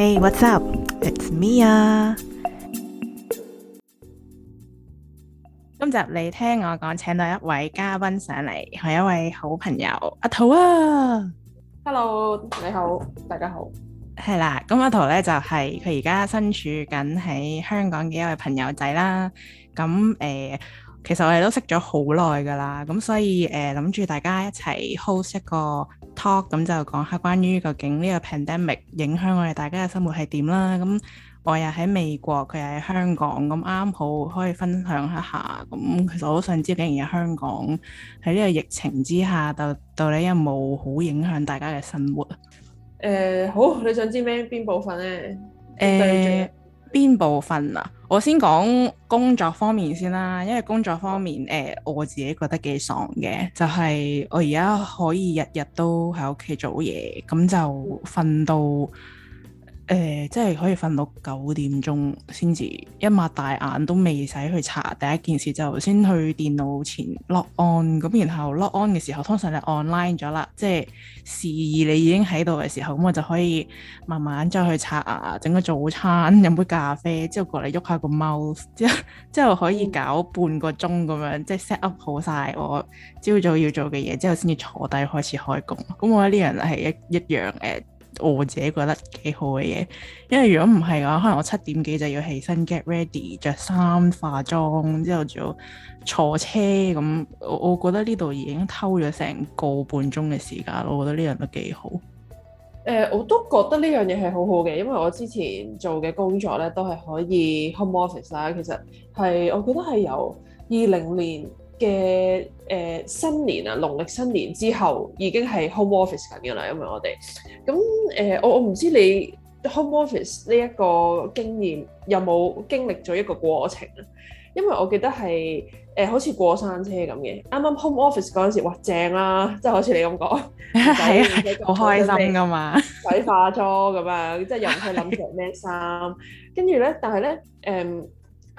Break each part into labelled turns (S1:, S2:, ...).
S1: Hey, what's up? It's Mia。今集你聽我講，請到一位嘉賓上嚟，係一位好朋友阿桃啊。
S2: Hello，你好，大家好。
S1: 係啦，咁阿桃咧就係佢而家身處緊喺香港嘅一位朋友仔啦。咁誒。其實我哋都識咗好耐㗎啦，咁所以誒諗住大家一齊 host 一個 talk，咁就講下關於究竟呢個 pandemic 影響我哋大家嘅生活係點啦。咁我又喺美國，佢又喺香港，咁啱好可以分享一下。咁其實我都想知，竟然喺香港喺呢個疫情之下，到到底有冇好影響大家嘅生活啊、
S2: 呃？好，你想知咩邊部分咧？
S1: 誒、呃。邊部分啊？我先講工作方面先啦，因為工作方面，誒、欸，我自己覺得幾爽嘅，就係、是、我而家可以日日都喺屋企做嘢，咁就瞓到。誒、呃，即係可以瞓到九點鐘先至，一擘大眼都未使去刷。第一件事就先去電腦前 log on，咁然後 log on 嘅時候，通常就 online 咗啦，即係示意你已經喺度嘅時候，咁我就可以慢慢再去刷牙，整個早餐，飲杯咖啡，之後過嚟喐下個 mouse，之後之後可以搞半個鐘咁樣，即係 set up 好晒我朝早要做嘅嘢，之後先至坐低開始開工。咁我覺得呢樣係一一樣誒。我自己覺得幾好嘅嘢，因為如果唔係嘅話，可能我七點幾就要起身 get ready、着衫、化妝，之後仲要坐車咁。我我覺得呢度已經偷咗成個半鐘嘅時間，我覺得呢樣都幾好。
S2: 誒、呃，我都覺得呢樣嘢係好好嘅，因為我之前做嘅工作咧都係可以 home office 啦。其實係我覺得係由二零年。嘅誒，新年啊，農曆新年之後已經係 home office 緊嘅啦，因為我哋咁誒，我我唔知你 home office 呢一個經驗有冇經歷咗一個過程啊？因為我記得係誒好似過山車咁嘅，啱啱 home office 嗰陣時，哇，正啦，即係好似你咁講，係啊，好開心噶嘛，鬼化妝咁樣，即係又唔係諗著咩衫，跟住咧，但係咧誒。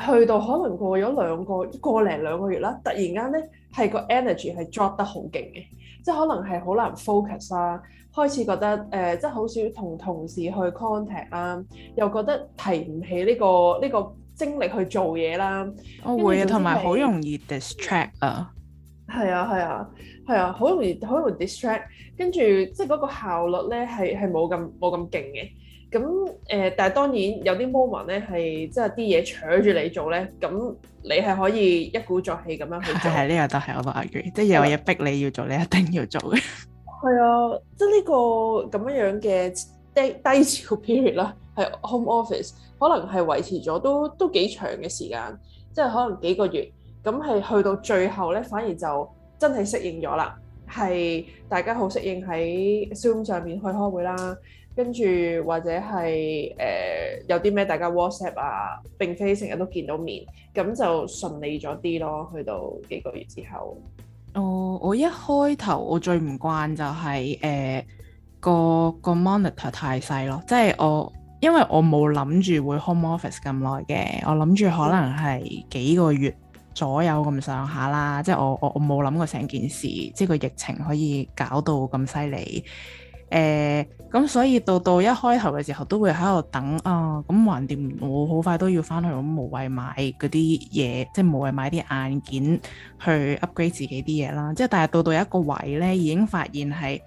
S2: 去到可能過咗兩個過零兩個月啦，突然間咧係個 energy 係 drop 得好勁嘅，即係可能係好難 focus 啦，開始覺得誒即係好少同同事去 contact 啦，又覺得提唔起呢個呢個精力去做嘢啦。我會啊，同埋好容
S1: 易 distract 啊。
S2: 係啊，係啊，係啊，好容易好容易 distract，跟住即係嗰個效率咧係係冇咁冇咁勁嘅。咁誒，但係當然有啲 moment 咧，係即係啲嘢搶住你做咧，咁你係可以一鼓作氣咁樣去
S1: 做。係，呢個都係我都 agree，的即係有嘢逼你要做，你一定要做
S2: 嘅。係啊，即係呢個咁樣樣嘅低低潮 period 啦，係 home office 可能係維持咗都都幾長嘅時間，即係可能幾個月，咁係去到最後咧，反而就真係適應咗啦，係大家好適應喺 Zoom 上面去開會啦。跟住或者係誒有啲咩大家 WhatsApp 啊，並非成日都見到面，咁就順利咗啲咯。去到
S1: 幾個月之後，哦，我一開頭我最唔慣就係誒個個 monitor 太細咯，即係我因為我冇諗住會 home office 咁耐嘅，我諗住可能係幾個月左右咁上下啦。即係我我我冇諗過成件事，即係個疫情可以搞到咁犀利。誒咁、呃、所以到到一開頭嘅時候都會喺度等啊，咁橫掂我好快都要翻去，咁無謂買嗰啲嘢，即係無謂買啲硬件去 upgrade 自己啲嘢啦。即係但係到到有一個位呢，已經發現係。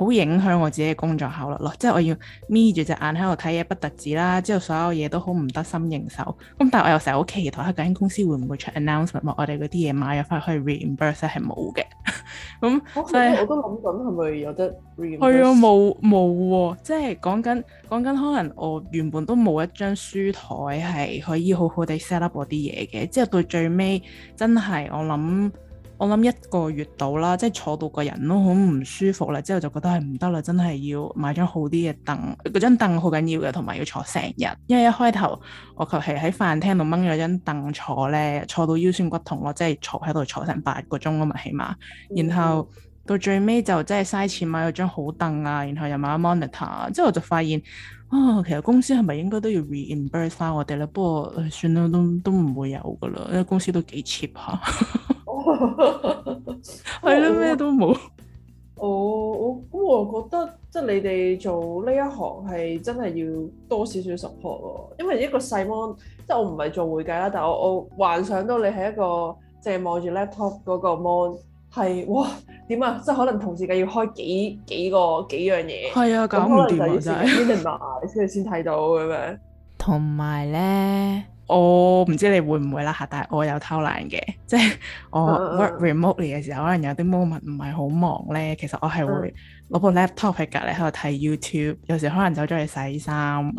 S1: 好影響我自己嘅工作效率咯，即係我要眯住隻眼喺度睇嘢不得止啦，之後所有嘢都好唔得心應手。咁但係我又成日好期待，究竟公司會唔會出 announcement，我哋嗰啲嘢買咗翻去 reimburse 咧，係冇嘅。咁即
S2: 係我都諗緊係咪有得
S1: reimburse？係啊，冇冇喎，即係講緊講緊，講緊可能我原本都冇一張書枱係可以好好地 set up 嗰啲嘢嘅。之後到最尾真係我諗。我諗一個月到啦，即係坐到個人都好唔舒服啦，之後就覺得係唔得啦，真係要買張好啲嘅凳嗰張凳好緊要嘅，同埋要坐成日。因為一開頭我求其喺飯廳度掹咗張凳坐咧，坐到腰酸骨痛，我即係坐喺度坐成八個鐘啊嘛，起碼。Mm hmm. 然後到最尾就真係嘥錢買咗張好凳啊，然後又買咗 monitor。之後就發現啊，哦，其實公司係咪應該都要 reimburse 翻我哋咧？不過算啦，都都唔會有噶啦，因為公司都幾 cheap 下。
S2: 哦，係咯 啦，咩都冇。哦，我咁我覺得，即係你哋做呢一行係真係要多少少 support，因為一個細 mon，即係我唔係做會計啦，但係我我幻想到你係一個淨係望住 laptop 嗰個 mon，係哇點啊，即係可能同時計要開幾幾個幾樣嘢，係啊，搞唔掂啊真先先睇到咁樣，
S1: 同埋咧。我唔、oh, 知你會唔會啦嚇，但係我有偷懶嘅，即係我 work remotely 嘅時候，uh, 可能有啲 moment 唔係好忙咧，其實我係會攞部 laptop 喺隔離喺度睇 YouTube，有時可能走咗去洗衫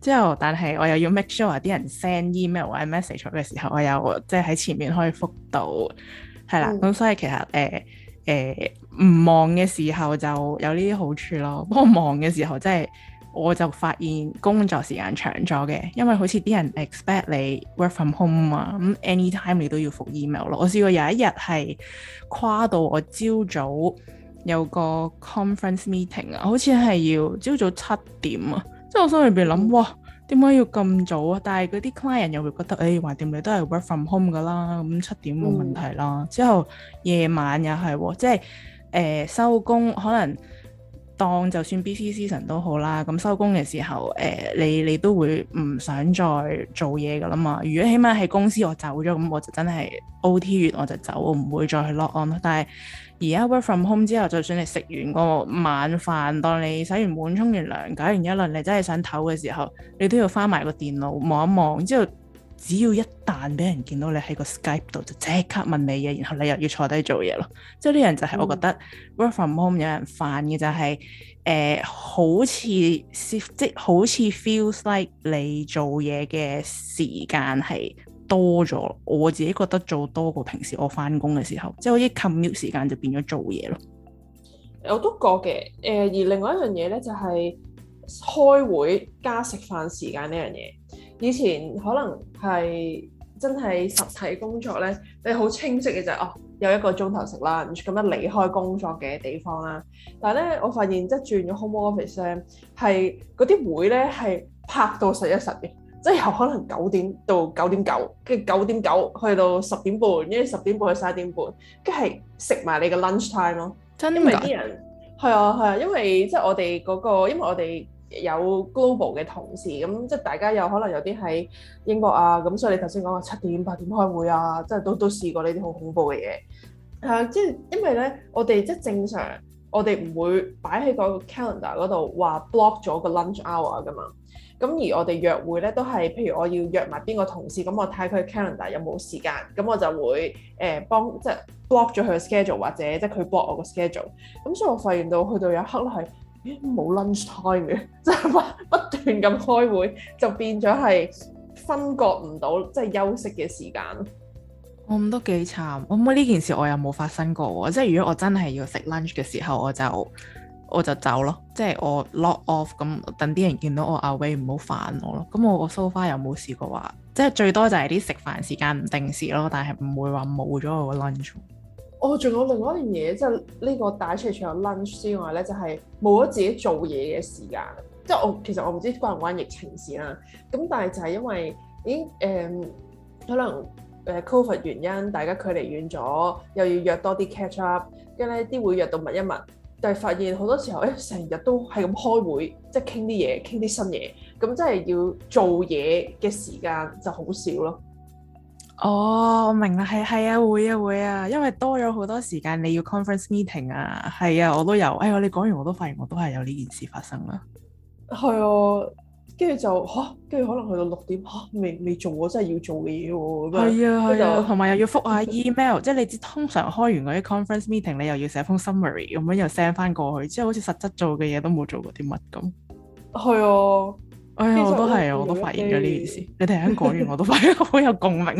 S1: 之後， 但係我又要 make sure 啲人 send email 或者 message 嘅時候，我又即係喺前面可以覆到，係、uh, 啦。咁所以其實誒誒唔忙嘅時候就有呢啲好處咯，不過忙嘅時候即係～我就發現工作時間長咗嘅，因為好似啲人 expect 你 work from home 啊，咁 anytime 你都要覆 email 咯。我試過有一日係跨到我朝早有個 conference meeting 啊，好似係要朝早七點啊，即係我心裏邊諗，哇，點解要咁早啊？但係嗰啲 client 又會覺得，誒、哎，橫掂你都係 work from home 㗎啦，咁七點冇問題啦。嗯、之後夜晚又係，即係誒收工可能。當就算 BCC 神都好啦，咁收工嘅時候，誒、呃、你你都會唔想再做嘢噶啦嘛。如果起碼喺公司，我走咗，咁我就真係 OT 完我就走，我唔會再去 lock on 啦。但係而家 work from home 之後，就算你食完個晚飯，當你洗完碗、沖完涼、搞完一輪，你真係想唞嘅時候，你都要翻埋個電腦望一望之後。只要一旦俾人見到你喺個 Skype 度，就即刻問你嘢，然後你又要坐低做嘢咯。即係呢樣就係我覺得 Work from Home 有人煩嘅就係、是、誒、呃，好似即係好似 Feels Like 你做嘢嘅時間係多咗。我自己覺得做多過平時我翻工嘅時候，即好似 commute 時間就變咗做嘢咯。
S2: 我都覺嘅，誒、呃、而另外一樣嘢咧就係、是、開會加食飯時間呢樣嘢。以前可能係真係實體工作咧，你好清晰嘅就係哦，有一個鐘頭食 lunch，咁樣離開工作嘅地方啦。但係咧，我發現即係轉咗 home office 咧，係嗰啲會咧係拍到實一實嘅，即係由可能九點到九點九，跟住九點九去到十點半，跟住十點半去三點半，跟係食埋你嘅 lunch time 咯。真啲啊！因為啲人係啊係啊，因為即係我哋嗰個，因為我哋。有 global 嘅同事，咁即係大家有可能有啲喺英國啊，咁所以你頭先講話七點八點開會啊，即係都都試過呢啲好恐怖嘅嘢，係、uh, 啊，即係因為咧，我哋即係正常，我哋唔會擺喺個 calendar 嗰度話 block 咗個 lunch hour 噶嘛，咁而我哋約會咧都係，譬如我要約埋邊個同事，咁我睇佢 calendar 有冇時間，咁我就會誒、欸、幫即係 block 咗佢嘅 schedule，或者即係佢 block 我個 schedule，咁所以我發現到去到有一刻咧係。冇 lunch time 嘅，即係不不斷咁開會，就變咗係分割唔到，即係休息嘅時間。
S1: 咁都幾慘。我唔知呢件事我又冇發生過喎。即係如果我真係要食 lunch 嘅時候，我就我就走咯。即係我 lock off 咁，等啲人見到我 away，唔好煩我咯。咁我個 so far 又冇事嘅話，即係最多就係啲食飯時間唔定時咯。但係唔會話冇咗我個 lunch。
S2: 哦，仲有另外一樣嘢，即係呢個打出去，除咗 lunch 之外咧，就係冇咗自己做嘢嘅時間。即係我其實我唔知關唔關疫情事啦。咁但係就係因為咦誒、欸呃，可能誒 COVID 原因，大家距離遠咗，又要約多啲 catch up，跟咧啲會約到密一密，但係發現好多時候咧，成、欸、日都係咁開會，即係傾啲嘢，傾啲新嘢，咁真係要做嘢嘅時間就好少咯。
S1: 哦，我明啦，係係啊，會啊會啊，因為多咗好多時間，你要 conference meeting 啊，係啊，我都有，哎呀，你講完我都發現我都係有呢件事發生啦，
S2: 係啊，跟住就嚇，跟住可能去到六點嚇、啊，未未做，我真係要做嘅嘢喎，係啊係啊，
S1: 同埋、啊、又要覆下 email， 即係你通常開完嗰啲 conference meeting，你又要寫封 summary 咁樣又 send 翻過去，之後好似實質做嘅嘢都冇做過啲乜咁，
S2: 係啊。哎呀，我都係啊，我都發現咗呢件
S1: 事。 你第一講完，我都發現好有共鳴。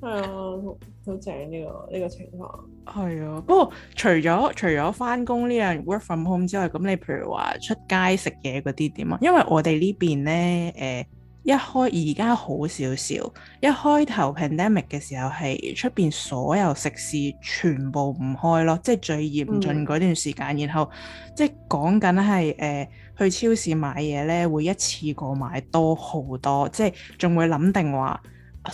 S2: 係 啊、 哎，好正呢個呢、呢個情況。
S1: 係啊、哎，不過除咗除咗翻工呢樣 work from home 之外，咁你譬如話出街食嘢嗰啲點啊？因為我哋呢邊咧，誒、呃。一開而家好少少，一開頭 pandemic 嘅時候係出邊所有食肆全部唔開咯，即係最嚴峻嗰段時間。嗯、然後即係講緊係誒去超市買嘢咧，會一次過買多好多，即係仲會諗定話，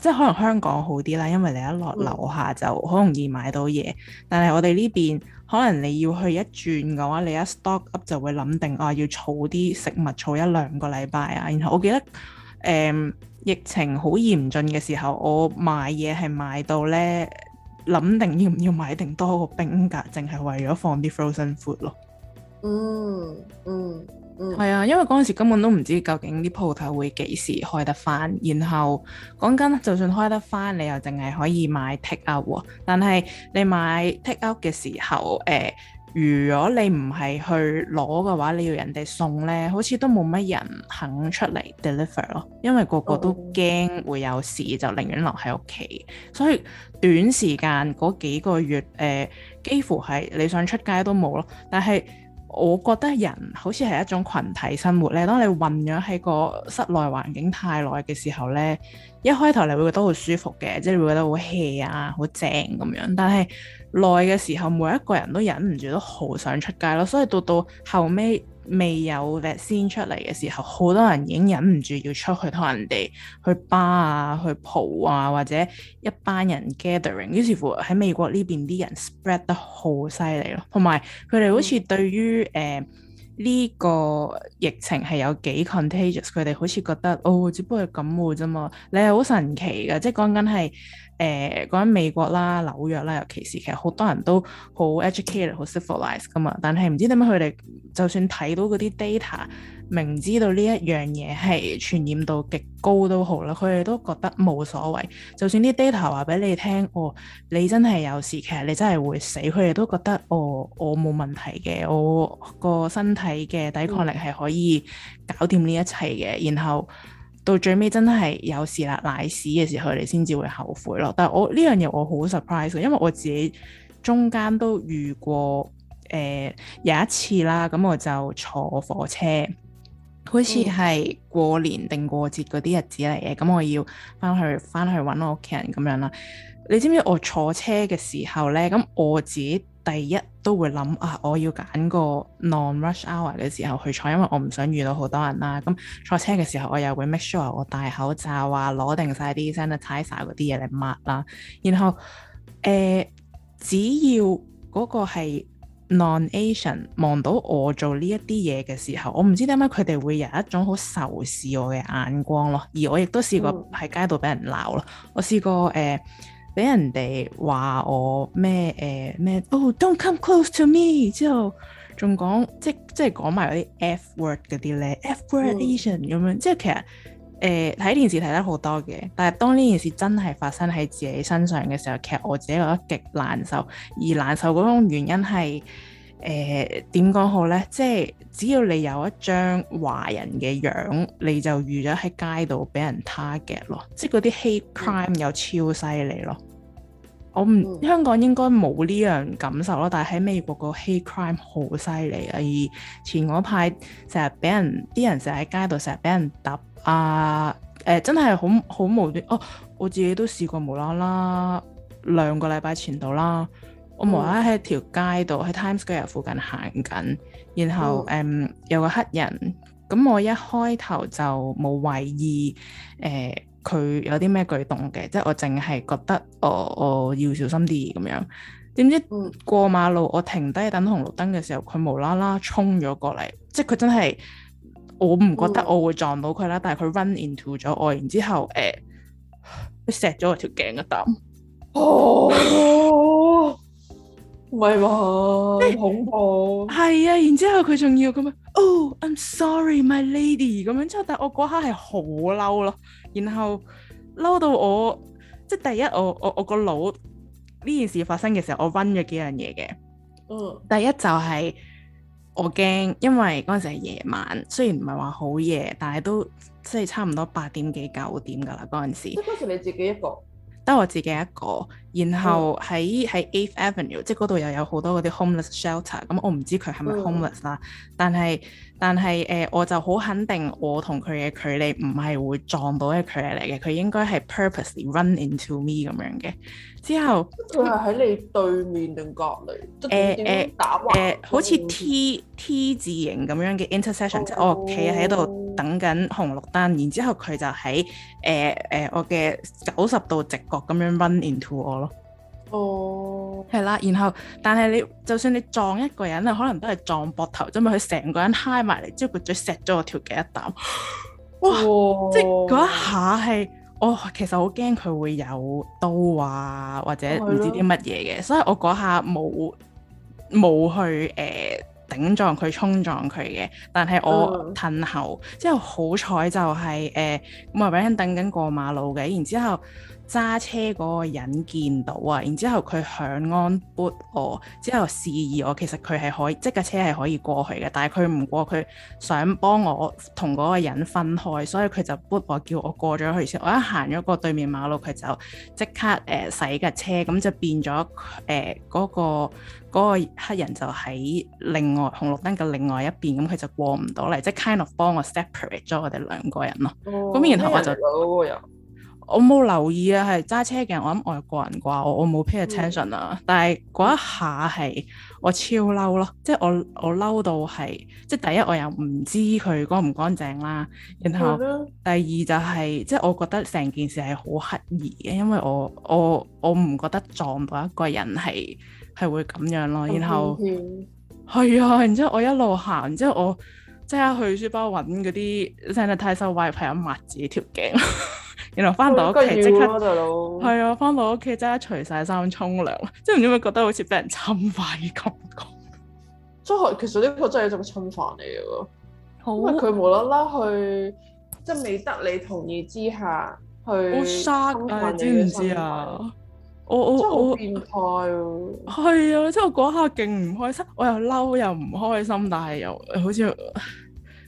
S1: 即係可能香港好啲啦，因為你一落樓下就好容易買到嘢。嗯、但係我哋呢邊可能你要去一轉嘅話，你一 stock up 就會諗定話、啊、要儲啲食物儲一兩個禮拜啊。然後我記得。嗯、疫情好嚴峻嘅時候，我買嘢係買到呢，諗定要唔要買定多個冰格，淨係為咗放啲 frozen food 咯。嗯嗯，嗯，係、嗯、啊，因為嗰陣時根本都唔知究竟啲鋪頭會幾時開得翻，然後講緊就算開得翻，你又淨係可以買 take out，但係你買 take out 嘅時候，誒、呃。如果你唔係去攞嘅話，你要人哋送呢，好似都冇乜人肯出嚟 deliver 咯，因為個個都驚會有事，就寧願留喺屋企。所以短時間嗰幾個月，誒、呃、幾乎係你想出街都冇咯。但係我覺得人好似係一種群體生活咧，當你混咗喺個室內環境太耐嘅時候呢，一開頭你會覺得好舒服嘅，即係你會覺得好 hea 啊，好正咁樣。但係耐嘅時候，每一個人都忍唔住都好想出街咯，所以到到後尾未有 vaccine 出嚟嘅時候，好多人已經忍唔住要出去同人哋去巴啊、去蒲啊，或者一班人 gathering。於是乎喺美國呢邊啲人 spread 得好犀利咯，同埋佢哋好似對於誒呢、嗯呃呢個疫情係有幾 contagious，佢哋好似覺得哦，只不過係感冒啫嘛，你係好神奇㗎，即係講緊係。誒講緊美國啦、紐約啦，尤其是其實好多人都好 educated、好 civilized 噶嘛，但係唔知點解佢哋就算睇到嗰啲 data，明知道呢一樣嘢係傳染度極高都好啦，佢哋都覺得冇所謂。就算啲 data 話俾你聽，哦，你真係有事，其實你真係會死，佢哋都覺得，哦，我冇問題嘅，我、哦、個身體嘅抵抗力係可以搞掂呢一切嘅，嗯、然後。到最尾真係有事啦，瀨屎嘅時候，你先至會後悔咯。但係我呢樣嘢我好 surprise，因為我自己中間都遇過，誒、呃、有一次啦，咁我就坐火車，好似係過年定過節嗰啲日子嚟嘅，咁我要翻去翻去搵我屋企人咁樣啦。你知唔知我坐車嘅時候呢？咁我自己第一都會諗啊，我要揀個 non rush hour 嘅時候去坐，因為我唔想遇到好多人啦。咁坐車嘅時候，我又會 make sure 我戴口罩啊，攞定晒啲 sanitizer 嗰啲嘢嚟抹啦。然後誒、呃，只要嗰個係 non Asian 望到我做呢一啲嘢嘅時候，我唔知點解佢哋會有一種好仇視我嘅眼光咯。而我亦都試過喺街度俾人鬧咯，嗯、我試過誒。呃俾人哋話我咩誒咩、欸、o、oh, don't come close to me！之後仲講即即係講埋嗰啲 f word 嗰啲咧，f word Asian 咁樣。即係其實誒睇、欸、電視睇得好多嘅，但係當呢件事真係發生喺自己身上嘅時候，其實我自己覺得極難受。而難受嗰種原因係誒點講好咧？即係只要你有一張華人嘅樣，你就預咗喺街度俾人 target 咯。即係嗰啲 hate crime 又、嗯、超犀利咯～我唔、嗯、香港應該冇呢樣感受咯，但係喺美國個 hate crime 好犀利啊！而前排成日俾人啲人成日喺街度成日俾人揼啊！誒、呃，真係好好無端哦、啊！我自己都試過無啦啦兩個禮拜前度啦，
S2: 我無啦啦喺
S1: 條街度喺 Times Square 附近行緊，然後誒、嗯嗯、有個黑人，咁我一開頭就冇懷疑誒。呃佢有啲咩舉動嘅，即係我淨係覺得我、哦、我要小心啲咁樣。點知過馬路，我停低等紅綠燈嘅時候，佢無啦啦衝咗過嚟，即係佢真係我唔覺得我會撞到佢啦，但係佢 run into 咗我，然之後誒，佢錫咗我條頸一啖。 唔係喎，好、欸、恐怖！係啊，然之後佢仲要咁樣啊，Oh，I'm sorry，my lady，咁樣之後，但係我嗰刻係好嬲咯，然後嬲到我，即係第一，我我我個腦呢件事發生嘅時候，我 run 咗幾樣嘢嘅。
S2: 嗯，
S1: 第一就係、是、我驚，因為嗰陣時係夜晚，雖然唔係話好夜，但係都即係差唔多八點幾九點噶啦嗰陣時。即嗰時你自己一個，得我自己一個。然後喺喺 Eighth Avenue，即係嗰度又有好多嗰啲 homeless shelter、嗯。咁我唔知佢係咪 homeless 啦， 但係但係誒，我就好肯定我同佢嘅距離唔係會撞到一距離嚟嘅。佢應該係 purposely run into me 咁樣嘅。之後
S2: 佢係喺你對面定隔離？誒誒、呃、打橫
S1: 好似 T T 字形咁樣嘅 intersection、哦。即我企喺度等緊紅綠燈，然之後佢就喺誒誒我嘅九十度直角咁樣 run into 我咯。哦，係啦，oh.，然後但係你就算你撞一個人啊，可能都係撞膊頭，因為佢成個人嗨埋嚟，之後佢嘴錫咗我條頸一啖。哇！Oh. 即係嗰一下係我、哦、其實好驚佢會有刀啊，或者唔知啲乜嘢嘅，oh, yeah. 所以我嗰下冇冇去誒、呃、頂撞佢衝撞佢嘅，但係我褪後，oh. 之後好彩就係誒咁啊，俾、呃、人等緊過馬路嘅，然之後。揸車嗰個人見到啊，然之後佢響安撥我，之後示意我其實佢係可以，即係架車係可以過去嘅，但係佢唔過，佢想幫我同嗰個人分開，所以佢就撥我叫我過咗去先。我一行咗過對面馬路，佢就即刻誒、呃、駛架車，咁就變咗誒嗰個黑人就喺另外紅綠燈嘅另外一邊，咁佢就過唔到嚟，即係 kind of 幫我 separate 咗我哋兩個人咯。咁、哦、然後我就。我冇留意啊，係揸車嘅，我諗外國人啩，我我冇 pay attention 啊。嗯、但係嗰一下係我超嬲咯，即係我我嬲到係，即係第一我又唔知佢乾唔乾淨啦，然後第二就係、是嗯、即係我覺得成件事係好刻意嘅，因為我我我唔覺得撞到一個人係係會咁樣咯。嗯、然後係、嗯、啊，然之後我一路行，之後我即刻去書包揾嗰啲 sanitizing wipe 俾朋友抹自己條頸。原來翻到屋企即刻，係啊哥，翻到屋企即刻除晒衫沖涼，即係唔知點解覺得好似俾人侵犯嘅感覺。即係其實呢個
S2: 真係一種侵犯嚟嘅，好因為佢無啦啦去，即係未得你同意之下
S1: 去，好 shock 啊，知唔知啊？
S2: 我我我好
S1: 變態，係啊，即係我嗰下勁唔開心，我又嬲又唔開心，但係又好似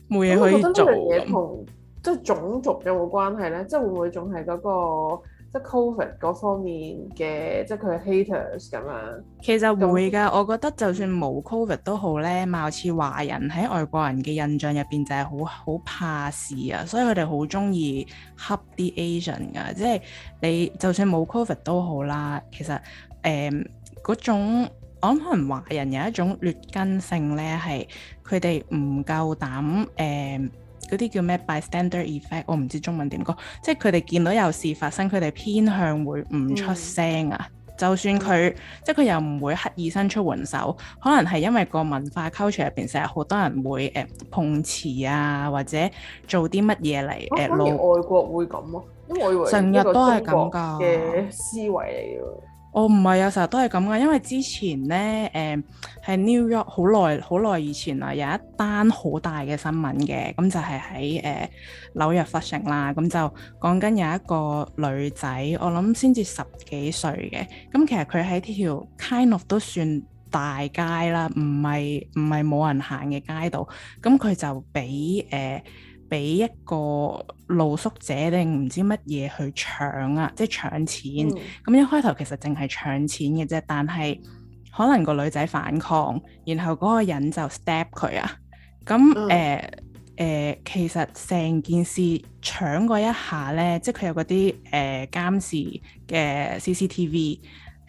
S1: 冇嘢可以做咁。即係種族有
S2: 冇關係咧？即係會唔會仲係嗰個即係 Covid 嗰方面嘅，即係佢 haters 咁樣。
S1: 其實會㗎，嗯、我覺得就算冇 Covid 都好咧，貌似華人喺外國人嘅印象入邊就係好好怕事啊，所以佢哋好中意恰啲 Asian 㗎。即係你就算冇 Covid 都好啦，其實誒嗰、嗯、種我諗可能華人有一種劣根性咧，係佢哋唔夠膽誒。嗯嗰啲叫咩？bystander effect，我唔知中文點講，即係佢哋見到有事發生，佢哋偏向會唔出聲啊。嗯、就算佢，嗯、即係佢又唔會刻意伸出援手，可能係因為個文化 culture 入邊成日好多人會誒、呃、碰瓷啊，或者做啲乜嘢嚟誒露。呃啊、而外
S2: 國會咁咯、啊，因為成日都係咁㗎嘅思維嚟嘅。
S1: 我唔係有時候都係咁嘅，因為之前呢，誒係 New York 好耐好耐以前啦，有一單好大嘅新聞嘅，咁就係喺誒紐約發城啦，咁就講緊有一個女仔，我諗先至十幾歲嘅，咁其實佢喺條 Kind of 都算大街啦，唔係唔係冇人行嘅街道，咁佢就俾誒。呃俾一個露宿者定唔知乜嘢去搶啊！即係搶錢。咁、嗯、一開頭其實淨係搶錢嘅啫，但係可能個女仔反抗，然後嗰個人就 stab 佢啊！咁誒誒，其實成件事搶嗰一下呢，即係佢有嗰啲誒監視嘅 CCTV。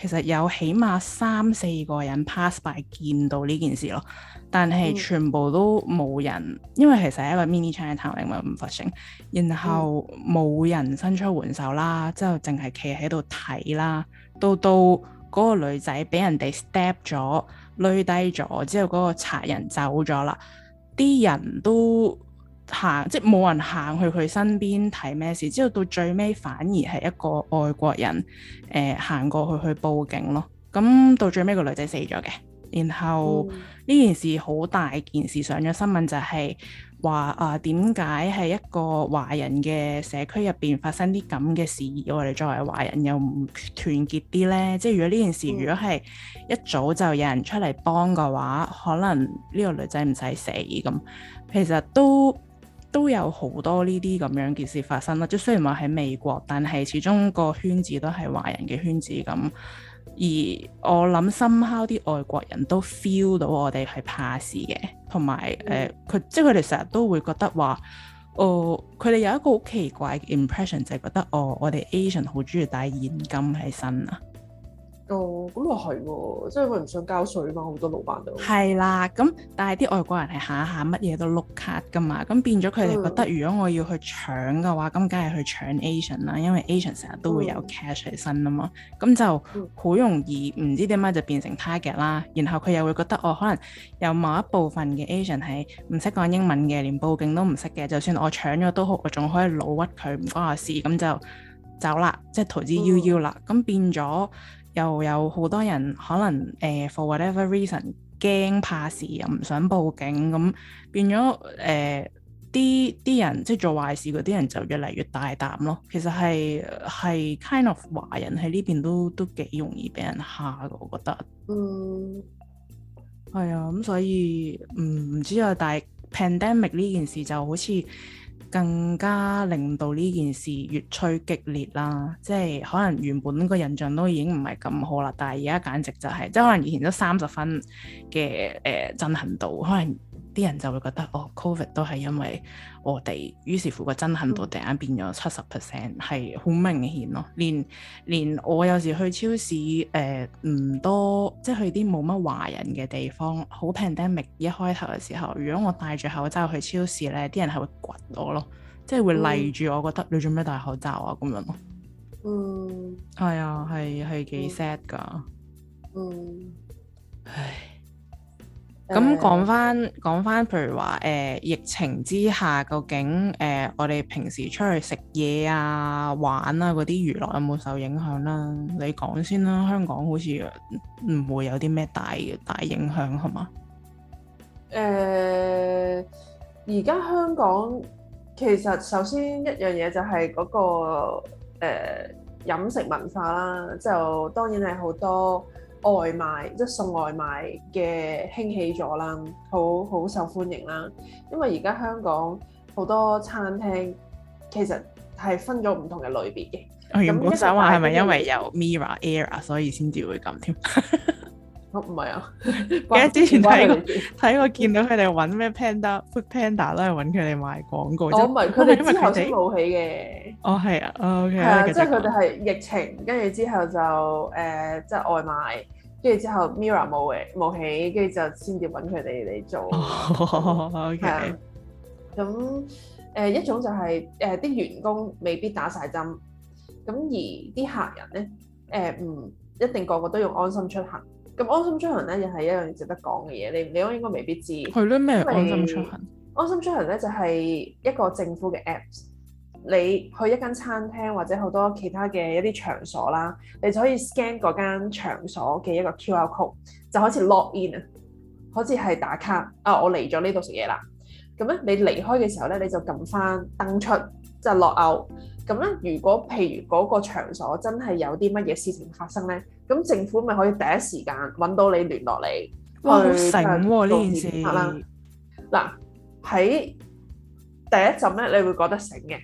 S1: 其實有起碼三四個人 pass by 見到呢件事咯，但係全部都冇人，嗯、因為其實係一個 mini Chinatown 嚟㗎，喺 Flushing。然後冇人伸出援手啦，之後淨係企喺度睇啦。到到嗰個女仔俾人哋 stab 咗，累低咗，之後嗰個賊人走咗啦，啲人都行即係冇人行去佢身邊睇咩事，之後到最尾反而係一個外國人誒行、呃、過去去報警咯。咁到最尾個女仔死咗嘅，然後呢、嗯、件事好大件事上咗新聞，就係，就係話啊，點解係一個華人嘅社區入邊發生啲咁嘅事？我哋作為華人又唔團結啲呢？即係如果呢件事、嗯、如果係一早就有人出嚟幫嘅話，可能呢個女仔唔使死咁。其實都～都有好多呢啲咁樣嘅事發生啦，即係雖然話喺美國，但係始終個圈子都係華人嘅圈子咁，而我諗深敲啲外國人都 feel 到我哋係怕事嘅，同埋誒佢即係佢哋成日都會覺得話，哦，佢哋有一個好奇怪嘅 impression 就係覺得哦，我哋 Asian 好中意帶現金喺身啊。
S2: 哦，咁又係喎，即係佢唔想交稅嘛，好多老闆都
S1: 係啦。咁、 啊、但係啲外國人係下下乜嘢都碌卡噶嘛，咁變咗佢哋覺得，如果我要去搶嘅話，咁梗係去搶 Asian 啦，因為 Asian 成日都會有 cash 喺身啊嘛，咁、嗯、就好容易唔知點解就變成 target 啦。然後佢又會覺得，哦，可能有某一部分嘅 Asian 係唔識講英文嘅，連報警都唔識嘅，就算我搶咗都好，我仲可以老屈佢唔關我事，咁就走啦，即係逃之夭夭啦。咁、嗯、變咗。又有好多人可能誒、呃，for whatever reason 驚怕、怕事又唔想報警，咁變咗誒啲啲人即係做壞事嗰啲人就越嚟越大膽咯。其實係係 kind of 華人喺呢邊都都幾容易俾人嚇㗎，我覺得。嗯，係啊，咁所以唔唔、嗯、知啊，但係 pandemic 呢件事就好似，更加令到呢件事越趨激烈啦，即係可能原本個印象都已經唔係咁好啦，但係而家簡直就係、是、即係可能以前都三十分嘅誒、呃、震撼度，可能。啲人就會覺得，哦 COVID 都係因為我哋，於是乎個憎恨度突然間變咗七十 percent，係好明顯咯。連連我有時去超市誒唔、呃、多，即係去啲冇乜華人嘅地方，好 pandemic 一開頭嘅時候，如果我戴住口罩去超市呢啲人係會掘我咯，即係會勵住我覺得、嗯、你做咩戴口罩啊咁樣咯、嗯哎嗯。嗯，係啊，係係幾 sad 噶。嗯，唉。咁講返講返，譬如話誒、呃、疫情之下，究竟誒、呃、我哋平時出去食嘢啊、玩啊嗰啲娛樂有冇受影響啦？你講先啦，香港好似唔會有啲咩大大影響係嘛？
S2: 誒，而家、呃、香港其實首先一樣嘢就係嗰、嗰個誒、呃、飲食文化啦，就當然係好多。外賣即係、就是、送外賣嘅興起咗啦，好好受歡迎啦。因為而家香港好多餐廳其實係分咗唔同嘅類別嘅。
S1: 咁我、哦、原本想話係咪因為有 Mirror Era 所以先至會咁添？ 唔係啊，記得 之前睇過睇過，見到佢哋揾咩 Panda Food Panda 都係揾佢哋賣廣告。唔係佢哋，他們 因為頭先
S2: 冇起嘅，
S1: 哦係啊，OK 係啊，即係佢哋
S2: 係疫情跟住 之後就誒，即係外賣跟住之後，Mirror 冇誒冇起，跟住就先至揾佢哋嚟做。
S1: OK，
S2: 咁誒、呃、一種就係誒啲員工未必打晒針，咁而啲客人咧誒唔一定個，個個都要用安心出行。咁安心出行咧，又係一樣值得講嘅嘢。你你都應該未必知。去咯，咩安心出行？安心出行咧就係、是、一個政府嘅 Apps。你去一間餐廳或者好多其他嘅一啲場所啦，你就可以 scan 嗰間場所嘅一個 QR code，就開始 log in 啊，好似係打卡。啊，我嚟咗呢度食嘢啦。咁咧，你離開嘅時候咧，你就撳翻登出，就 log out。咁咧，如果譬如嗰個場所真係有啲乜嘢事情發生咧，咁政府咪可以第一時間揾到你聯絡你，哇、哦，好醒喎呢件事！嗱喺、啊、第一陣咧，你會覺得醒嘅；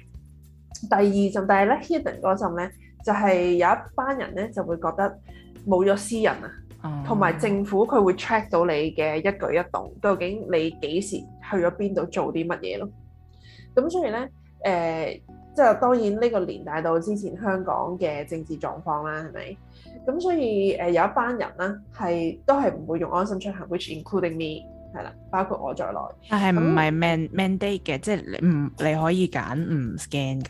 S2: 第二陣，但係咧，hidden 嗰陣咧，就係、是、有一班人咧就會覺得冇咗私人啊，同埋、嗯、政府佢會 track 到你嘅一舉一動，究竟你幾時去咗邊度做啲乜嘢咯？咁所以咧，誒、呃。即係當然呢個年大到之前香港嘅政治狀況啦，係咪？咁所以誒有一班人咧係都係唔會用安心出行，which including me 係啦，包括我在
S1: 內。但係唔係 mand mandate 嘅，那即係你唔你可以揀唔 scan 噶。
S2: 誒、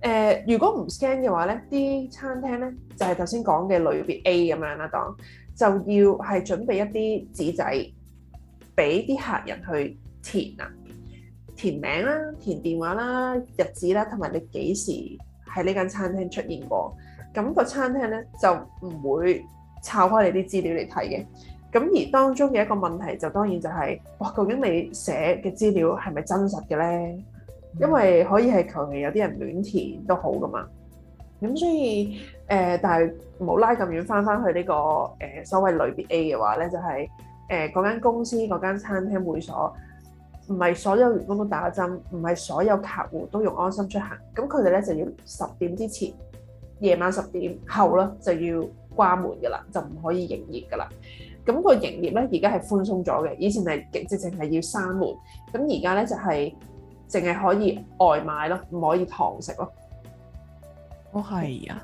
S2: 呃，如果唔 scan 嘅話咧，啲餐廳咧就係頭先講嘅類別 A 咁樣啦，當就要係準備一啲紙仔俾啲客人去填啊。填名啦，填電話啦，日子啦，同埋你幾時喺呢間餐廳出現過？咁、那個餐廳咧就唔會抄開你啲資料嚟睇嘅。咁而當中嘅一個問題就當然就係、是，哇，究竟你寫嘅資料係咪真實嘅咧？嗯、因為可以係求其有啲人亂填都好㗎嘛。咁所以誒、呃，但係冇拉咁遠返返去呢個誒、呃、所謂類別 A 嘅話咧，就係誒嗰間公司嗰間餐廳會所。唔係所有員工都打針，唔係所有客戶都用安心出行。咁佢哋咧就要十點之前，夜晚十點後啦就要關門㗎喇，就唔可以營業㗎喇。咁個營業咧而家係寬鬆咗嘅，以前係即係淨係要閂門。咁而家咧就係淨係可以外賣咯，唔可以堂食咯。
S1: 哦，係啊，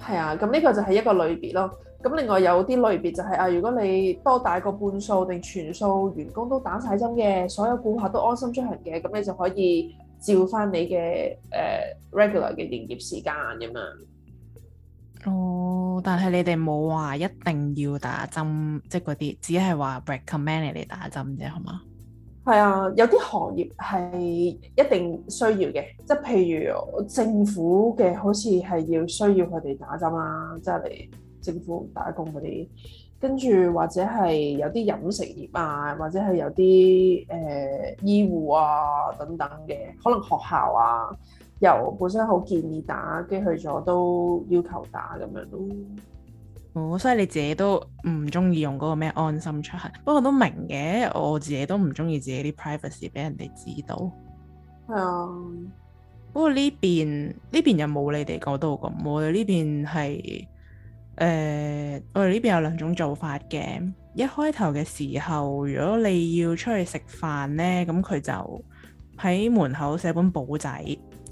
S2: 係啊，咁呢個就係一個類別咯。咁另外有啲類別就係啊，如果你多大個半數定全數員工都打晒針嘅，所有顧客都安心出行嘅，咁你就可以照翻你嘅誒 regular 嘅營業時間咁樣。
S1: 哦，但係你哋冇話一定要打針，即係嗰啲只係話 recommend 你嚟打針啫，好嘛？
S2: 係啊，有啲行業係一定需要嘅，即係譬如政府嘅，好似係要需要佢哋打針啦，即係你。政府唔打工嗰啲，跟住或者係有啲飲食業啊，或者係有啲誒、呃、醫護啊等等嘅，可能學校啊，由本身好建議打，跟住去咗都要求打咁樣
S1: 咯。哦，所以你自己都唔中意用嗰個咩安心出行，不過都明嘅，我自己都唔中意自己啲 privacy 俾人哋知道。係啊、嗯，不過呢邊呢邊又冇你哋嗰度咁，我哋呢邊係。誒、呃，我哋呢邊有兩種做法嘅。一開頭嘅時候，如果你要出去食飯呢，咁佢就喺門口寫本簿仔，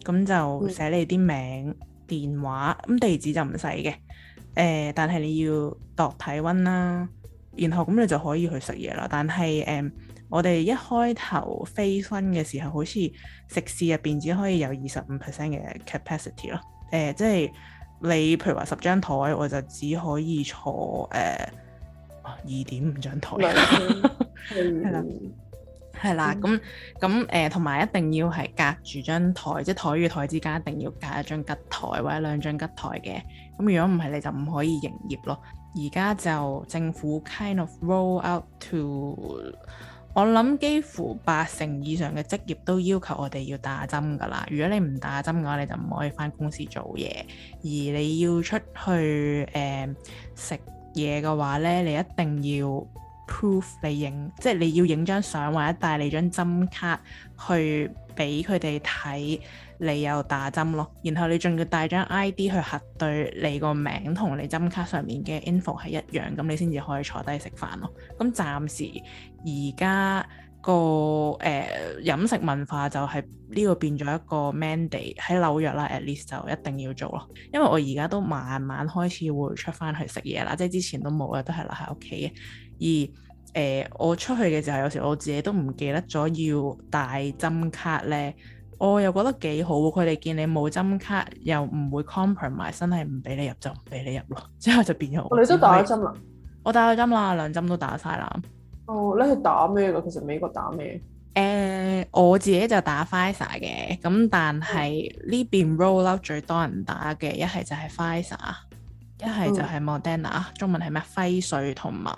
S1: 咁就寫你啲名、電話，咁地址就唔使嘅。誒、呃，但係你要度體温啦，然後咁你就可以去食嘢啦。但係誒、呃，我哋一開頭飛返嘅時候，好似食肆入邊只可以有二十五 percent 嘅 capacity 咯。誒、呃，即係。你譬如話十張台，我就只可以坐誒、呃、二點五張台啦，係啦、 嗯，係啦， 咁咁誒，同 埋、 呃、一定要係隔住張台， 即係台與台之間一定要隔一張吉台或者兩張吉台嘅。咁如果唔係，你就唔可以營業咯。而家就政府 kind of roll out to。我諗幾乎八成以上嘅職業都要求我哋要打針㗎啦。如果你唔打針嘅話，你就唔可以返公司做嘢。而你要出去誒、呃、食嘢嘅話咧，你一定要 proof 你影，即、就、係、是、你要影張相或者帶你張針卡去俾佢哋睇。你又打針咯，然後你仲要帶張 ID 去核對你個名同你針卡上面嘅 info 係一樣，咁你先至可以坐低食飯咯。咁、嗯、暫時而家個誒飲食文化就係、是、呢、這個變咗一個 mandate 喺紐約啦，at least 就一定要做咯。因為我而家都慢慢開始會出返去食嘢啦，即係之前都冇嘅，都係留喺屋企。而誒、呃、我出去嘅時候，有時我自己都唔記得咗要帶針卡咧。我又覺得幾好喎，佢哋見你冇針卡，又唔會 compromise 埋，真係唔俾你入就唔俾你入咯。之後就變咗、哦，你都打咗針啦？我打咗針啦，兩針都打晒啦。哦，
S2: 你係打咩噶？其實美國打咩？
S1: 誒、欸，我自己就打 Pfizer 嘅，咁但係呢邊 roll out 最多人打嘅一係就係 Pfizer，一係就係 Moderna，、嗯、中文係咩？輝瑞同埋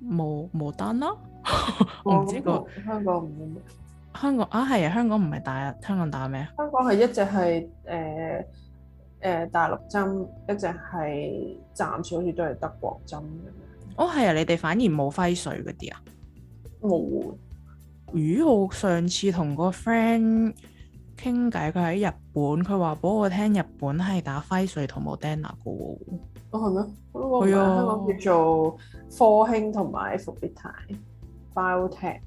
S1: 莫德納啦。 我唔知、哦那個
S2: 香港唔。
S1: 香港啊，係啊！香港唔係打，香港打咩啊？
S2: 香港係一隻係誒誒大陸針，一隻係暫時好似都係德國針咁。
S1: 哦，係啊！你哋反而冇輝瑞嗰啲啊？冇、哦。咦、嗯，我上次同個 friend 傾偈，佢喺日本，佢話俾我聽日本係打輝瑞同冇 Moderna 哦係咩？我都的、
S2: 哦、香港叫做科興同埋復必泰、Bio-Tech。Tech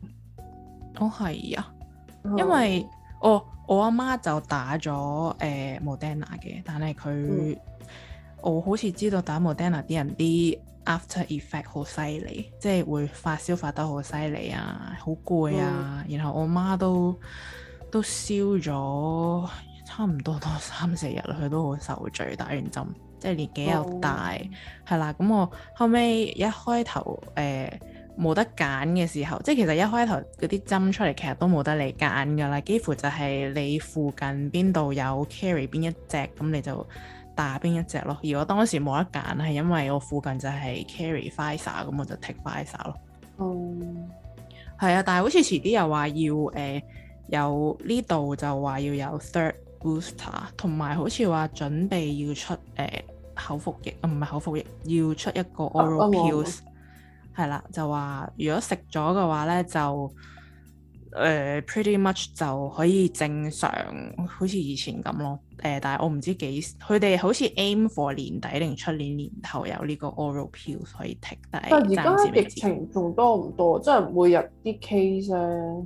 S1: 哦係啊。因為、oh. 哦、我我阿媽就打咗誒、呃、Moderna 嘅，但係佢、oh. 我好似知道打 Moderna 啲人啲 after effect 好犀利，即係會發燒發得好犀利啊，好攰啊，然後我媽都都燒咗差唔多多三四日啦，佢都好受罪打完針，即係年紀又大，係、oh. 啦，咁我後尾一開頭誒。呃冇得揀嘅時候，即係其實一開頭嗰啲針出嚟，其實都冇得你揀㗎啦，幾乎就係你附近邊度有 carry 邊一隻，咁你就打下邊一隻咯。而我當時冇得揀，係因為我附近就係 carry Pfizer，咁我就 take Pfizer 咯。哦、嗯，係啊，但係好似遲啲又話要誒、呃、有呢度就話要有 third booster，同埋好似話準備要出誒、呃、口服液，呃、唔係口服液，要出一個 oral pills、哦。哦哦哦哦。係啦，就話如果食咗嘅話咧，就誒、呃、pretty much 就可以正常，好似以前咁咯。誒、呃，但係我唔知幾，佢哋好似 aim for 年底定出年年頭有呢個 oral pill 可以停低。疫情
S2: 仲多唔多？即係每日啲 case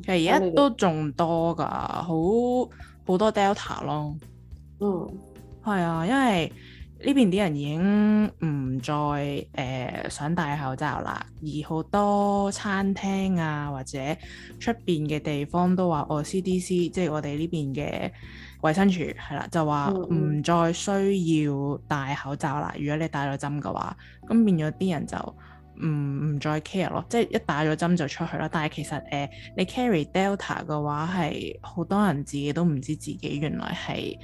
S2: 咧，其
S1: 實而家都仲多㗎，好好多 Delta 咯。嗯，係啊，因為。呢邊啲人已經唔再誒想、呃、戴口罩啦，而好多餐廳啊或者出邊嘅地方都話：哦，CDC，即係我哋呢邊嘅衞生署，係啦，就話唔再需要戴口罩啦。嗯、如果你戴咗針嘅話，咁變咗啲人就唔唔再 care 咯，即係一打咗針就出去啦。但係其實誒、呃，你 carry delta 嘅話係好多人自己都唔知自己原來係。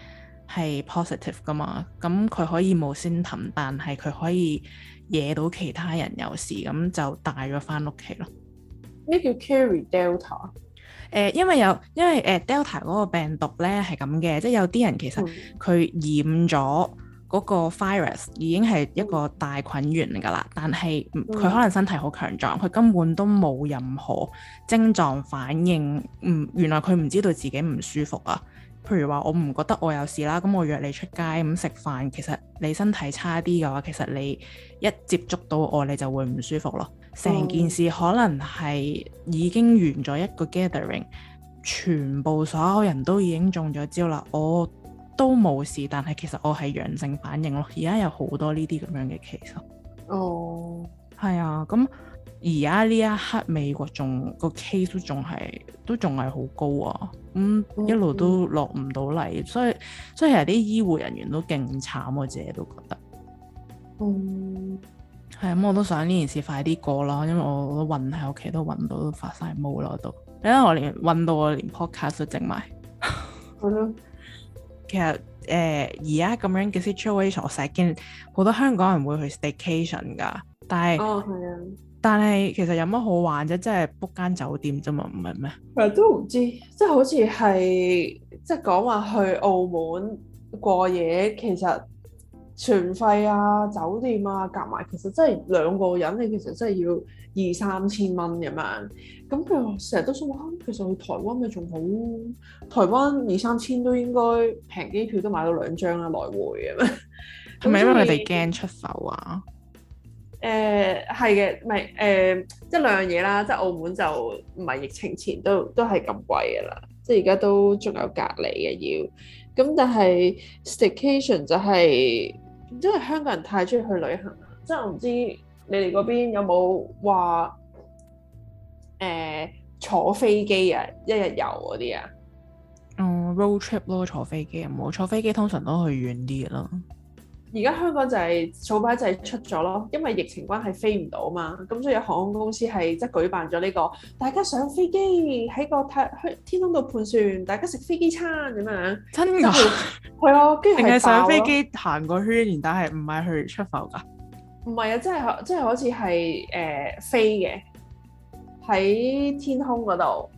S1: 係 positive 噶嘛？咁佢可以冇 symptom，但係佢可以惹到其他人有事，咁就帶咗翻屋企咯。
S2: 呢叫 carry delta。
S1: 誒、呃，因為有因為誒、呃、delta 嗰個病毒咧係咁嘅，即係有啲人其實佢染咗嗰個 virus 已經係一個帶菌源㗎啦，嗯、但係佢可能身體好強壯，佢根本都冇任何症狀反應。嗯，原來佢唔知道自己唔舒服啊。譬如話我唔覺得我有事啦，咁我約你出街咁食飯，其實你身體差啲嘅話，其實你一接觸到我，你就會唔舒服咯。成件事可能係已經完咗一個 gathering，全部所有人都已經中咗招啦。我都冇事，但係其實我係陽性反應咯。而家有好多呢啲咁樣嘅 case。
S2: 哦，
S1: 係啊，咁而家呢一刻美國仲個 case 都仲係都仲係好高啊。咁、嗯、一路都落唔到嚟，所以所以其實啲醫護人員都勁慘，我自己都覺得。嗯，係咁，我都想呢件事快啲過啦，因為我都暈喺屋企，都暈到發晒毛咯，都。你睇我連暈到我連 podcast 都整埋。係咯、嗯， 其實誒，而家咁樣嘅 situation，我成日見好多香港人會去 staycation 噶，但係。哦，係。但係其實有乜好玩啫？即係 book 間酒店啫嘛，唔係咩？
S2: 誒都唔知，即係好似係即係講話去澳門過夜，其實船費啊、酒店啊夾埋，其實真係兩個人你其實真係要二三千蚊咁樣。咁佢成日都想話，其實去台灣咪仲好？台灣二三千都應該平，機票都買到兩張啦，來回咁樣。係咪因為佢哋驚
S1: 出手啊？
S2: 誒係嘅，唔係誒，uh, 即係兩樣嘢啦，即係澳門就唔係疫情前都都係咁貴噶啦，即係而家都仲有隔離嘅要，咁但係 staycation 就係因為香港人太鍾意去旅行啦，即係我唔知你哋嗰邊有冇話誒坐飛機啊，一日遊嗰啲啊，嗯
S1: ，road trip 咯，坐飛機，冇坐飛機通常都去遠啲咯。
S2: 而家香港就係早排就係出咗咯，因為疫情關係飛唔到嘛，咁所以航空公司係即係舉辦咗呢個大家上飛機喺個太去天空度盤旋，大家食飛機餐咁樣。真㗎的？係啊，跟住係。定係上飛機
S1: 行個圈，但係唔係去出埠㗎？唔係啊，
S2: 即係即係好似係誒飛嘅喺天空嗰度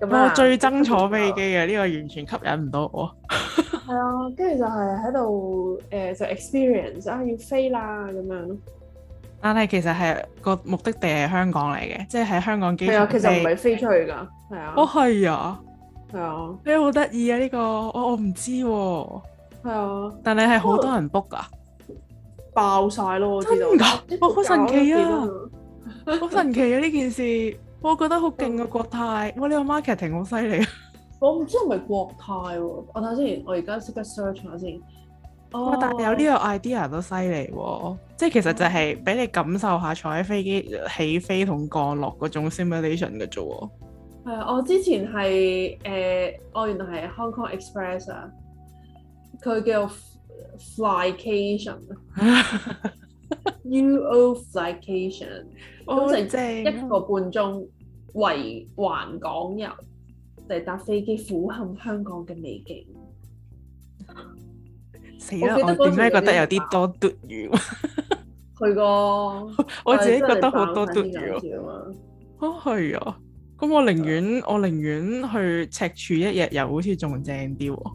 S2: 咁樣。我最憎坐
S1: 飛機啊！呢 個完全吸引唔到我。
S2: 係啊，跟
S1: 住就係喺度誒，就 experience 啊，要飛啦咁樣。但係其實係個目的地係香港嚟嘅，即係喺香港機、啊、其實唔係飛
S2: 出去噶，係啊。哦，係啊，
S1: 係啊。你好得意啊！呢個我我唔知喎。係啊，但係係好多人 book 噶，爆晒咯，真㗎！哇的，好、哦、神奇啊，好、啊、 神奇啊！呢件事，我覺得好勁啊！國泰， 哇，呢、呢個 marketing 好犀利啊！
S2: 我唔知係咪國泰喎、啊，我睇下先。我而家即刻 search
S1: 下先。但係有呢個 idea 都犀利喎、啊，即係其實就係俾你感受下坐喺飛機起飛同降落嗰種 simulation 嘅啫喎。
S2: 係啊、哦，我之前係誒，我、呃、原來係 Hong Kong Express 啊，佢叫 Flycation，UO Flycation，我好似一個半鐘圍環港遊。就搭飛機俯瞰香港嘅美景。
S1: 死啦！我點解覺得有啲多嘟魚？
S2: 去過，我自己覺得好多嘟魚
S1: 喎。嚇係啊！咁我寧願我寧願去赤柱一日遊，好似仲正啲喎。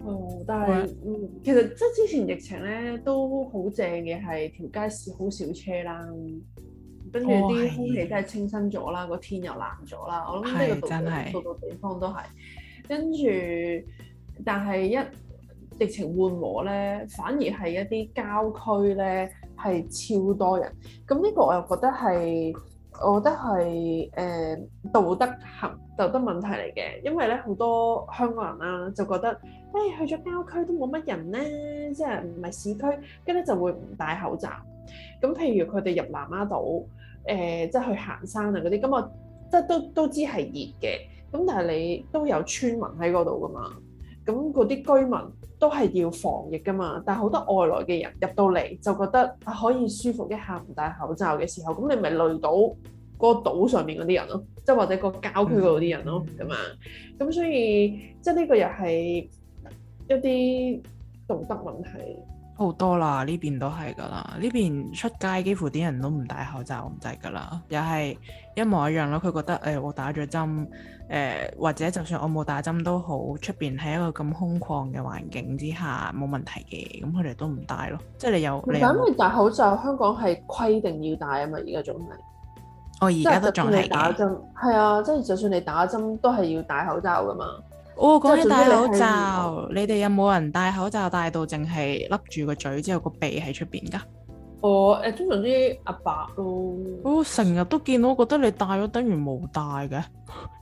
S2: 哦，但係其實即係之前疫情咧，都好正嘅，係條街少好少車啦。跟住啲空氣真係清新咗啦，個、哦、天又藍咗啦。我諗呢個到到地方都係，跟住、嗯、但係一疫情緩和咧，反而係一啲郊區咧係超多人。咁呢個我又覺得係，我覺得係誒、呃、道德行道德問題嚟嘅，因為咧好多香港人啦、啊、就覺得誒、哎、去咗郊區都冇乜人咧，即係唔係市區，跟住就會唔戴口罩。咁譬如佢哋入南丫島，誒、呃、即係去行山啊嗰啲，咁我即係都都知係熱嘅，咁但係你都有村民喺嗰度噶嘛，咁嗰啲居民都係要防疫噶嘛，但係好多外來嘅人入到嚟就覺得啊可以舒服一下唔戴口罩嘅時候，咁你咪累到嗰個島上面嗰啲人咯，即係或者個郊區嗰啲人咯，咁啊、嗯，咁所以即係呢個又係一啲道德問題。
S1: 好多啦，呢邊都係噶啦。呢邊出街幾乎啲人都唔戴口罩咁滯噶啦，又係一模一樣咯。佢覺得誒、欸、我打咗針，誒、欸、或者就算我冇打針都好，出邊喺一個咁空曠嘅環境之下冇問題嘅，咁佢哋都唔戴咯。即係你有白你有有。咁要
S2: 戴口罩，香港係規定要戴啊嘛，而家仲係。
S1: 我而家都仲係。打針
S2: 係啊，的即係就算你打針都係要戴口罩噶嘛。
S1: 哦，即係戴口罩，你哋、啊、有冇人戴口罩戴到淨係笠住個嘴，之後個鼻喺出邊噶？哦，誒，通、哦、常啲阿伯
S2: 都，
S1: 我成日都見到，覺得你戴咗等於冇戴嘅，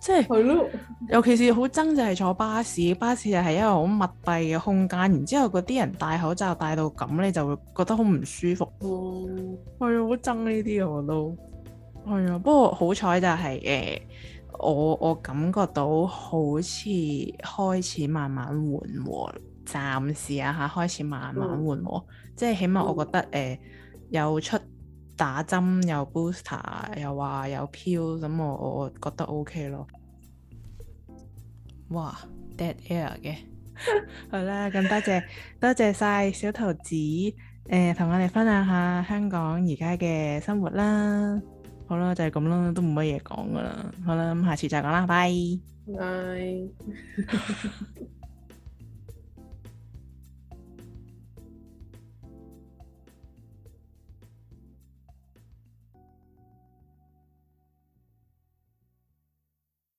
S1: 即係係咯。喲尤其是好憎就係坐巴士，巴士又係一個好密閉嘅空間，然之後嗰啲人戴口罩戴到咁，你就會覺得好唔舒服咯。係啊、哦，好、哎、憎呢啲啊，我都。係 啊、哎，不過好彩就係、是、誒。呃我我感覺到好似開，開始慢慢緩和，暫時啊嚇開始慢慢緩和，即係起碼我覺得誒有、呃、出打針，有 booster，又話有飄，咁我我覺得 OK 咯。哇，dead air 嘅， 好啦，咁多謝 多謝晒小桃子，誒、呃、同我哋分享下香港而家嘅生活啦。好啦，就係咁啦，都冇乜嘢講㗎喇，好啦，咁下次再講啦，拜
S2: 拜。Bye.